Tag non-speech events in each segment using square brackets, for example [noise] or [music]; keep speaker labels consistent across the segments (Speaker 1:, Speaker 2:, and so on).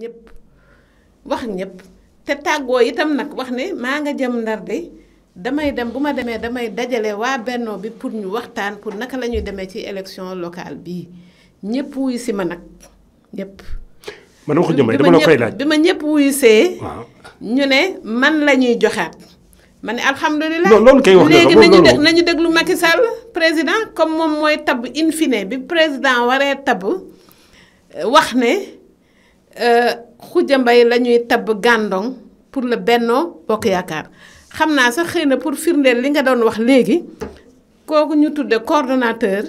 Speaker 1: ñëpp wax ñëpp te tàggoo itam nag wax ne maa nga jëm ndar de damay dem bu ma demee damay dajale waa bennoo bi pour ñu waxtaan pour naka la ñuy demee ci élection locale bii ñëpp wuyu si ma nag ñëpp.
Speaker 2: man wax jëmbay dama la koy laaj bi
Speaker 1: ma ñëpp wuyu see. ñu ne man la ñuy joxaat. ma ne alhamdulilah non loolu kay wax léegi nañu dég nañu déglu Macky Sall président comme moom mooy tab in fine bi président waree tab wax ne. Euh, Khoudia mbay la ñuy tabb Gandon pour le bennoo Bokk Yaakaar xam naa sa xëy na pour firndeel li nga doon wax léegi kooku ñu tudde coordonnateur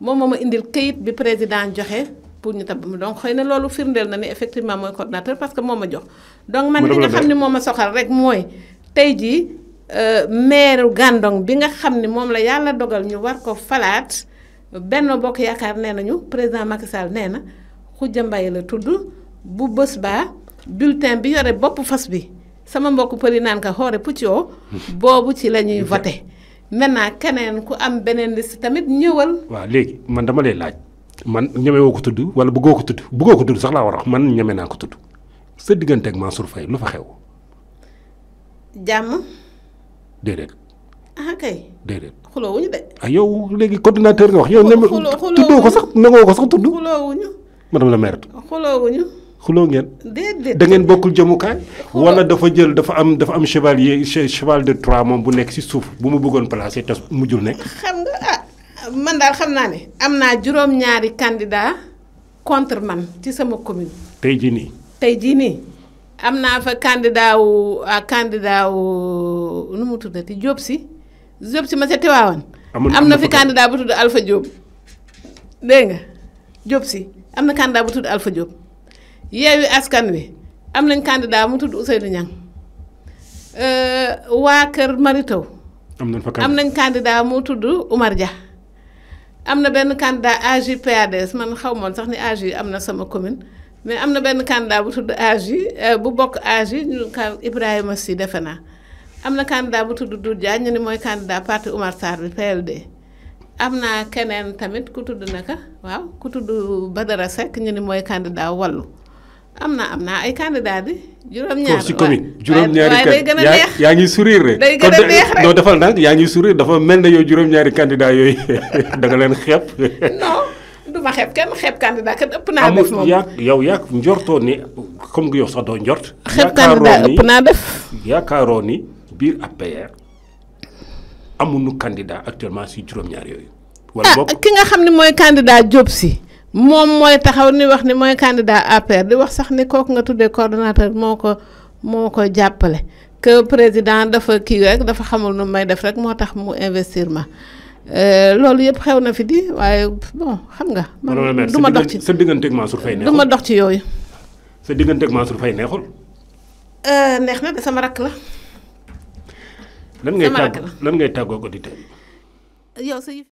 Speaker 1: moom moom ma indil kayit bi président joxe pour ñu tabb donc xëy na loolu firndeel na ni effectivement mooy coordonnateur parce que moo ma jox. donc man li nga xam ne moo ma soxal rek mooy tey jii euh, maire gàndon bi nga xam ni moom la yàlla dogal ñu war ko falaat Benno Bokk Yaakaar nee nañu président Macky Sall nee na Khoudia Mbaye la tudd. bu bës baa bulletin bi yore bopp fas bi sama mbokk përi naan ka xoore puccoo [laughs] boobu ci la ñuy voté naa keneen ku am beneen liste tamit ñëwal. waaw
Speaker 2: léegi man dama lay laaj man ñeme ko tudd wala bëggoo ko tudd bëggoo ko tudd sax laa war a wax man ñeme naa ko tudd sa diggante ak Mansour Faye lu fa xew. jàmm. déedéet. ah kay. déedéet xuloo wuñu de. ah yow léegi coordinateur nga wax yow. xuloo tuddoo ko sax nangoo ko sax tudd.
Speaker 1: xuloo wuñu
Speaker 2: madame xuloo ngeen da ngeen bokkul jëmukaay wala dafa jël dafa am dafa am chevalier cheval de trois moom bu nekk si suuf bu mu bëggoon placer te mujjul nekk
Speaker 1: xam nga ah, man daal xam naa ne am naa juróom-ñaari candidat contre man ci sama commune tey jii nii tey jii nii am naa fa candidat wu ah candidat wu nu mu tuddati Diop si Diop si ma sa Tiwaawan am fi candidat bu tudd Alpha Diop dégg nga Diop si am candidat bu tudd Alpha Diop yeewi askan wi am nañ candidat mu tudd Ousseynou Niang euh, waa kër Maritaw.
Speaker 2: am nañ
Speaker 1: fa candidat tudd Oumar am na benn candidat AJ PADS man xaw moon sax ni AJ am na sama commune mais am na benn candidat bu tudd AJ euh, bu bokk AJ ñu Ibrahima Sy defe naa. am na candidat bu tudd Doudou Diagne ñu ni mooy candidat parti Oumar Sarr bi PLD am na keneen tamit ku tudd naka waaw ku tudd Badara Seck ñu ni mooy candidat wallu am naa am naa ay candidat bi. juróom-ñaar si comique juróom a kat
Speaker 2: yaa ngi sourire rek. day a defal ndànk yaa ngi sourire dafa mel na yow juróom-ñaari candidat yooyu [laughs] da nga leen xeeb. [laughs] non
Speaker 1: du ma xeeb kenn xeeb candidat kat ëpp naa
Speaker 2: yow yaa njortoo ni comme yow naa def yaakaaroo ni biir APR amuñu actuellement si juróom-ñaar yooyu. wala
Speaker 1: ah, ki nga xam ne mooy candidat Diop si. moom mooy taxaw ni wax ni mooy candidat APR di wax sax ni kooku nga tuddee coordonnateur moo ko moo ko jàppale que président dafa kii rek dafa xamul nu may def rek moo tax mu investir ma euh, loolu yëpp xew na fi di waaye bon xam nga. man du ma dox ci
Speaker 2: sa digganteeg Mansour Faye neexul du ma dox ci yooyu. sa digganteeg Mansour Faye neexul.
Speaker 1: Euh, neex na de sama rakk la.
Speaker 2: lan ngay tàgg lan ngay tàggoo ko
Speaker 1: di